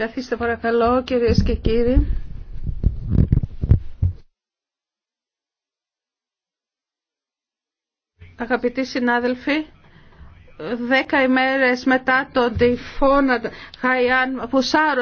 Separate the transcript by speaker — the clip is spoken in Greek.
Speaker 1: Καθίστε παρακαλώ κυρίες και κύριοι. Αγαπητοί συνάδελφοι, δέκα ημέρες μετά τον τυφώνα
Speaker 2: Χαϊάν που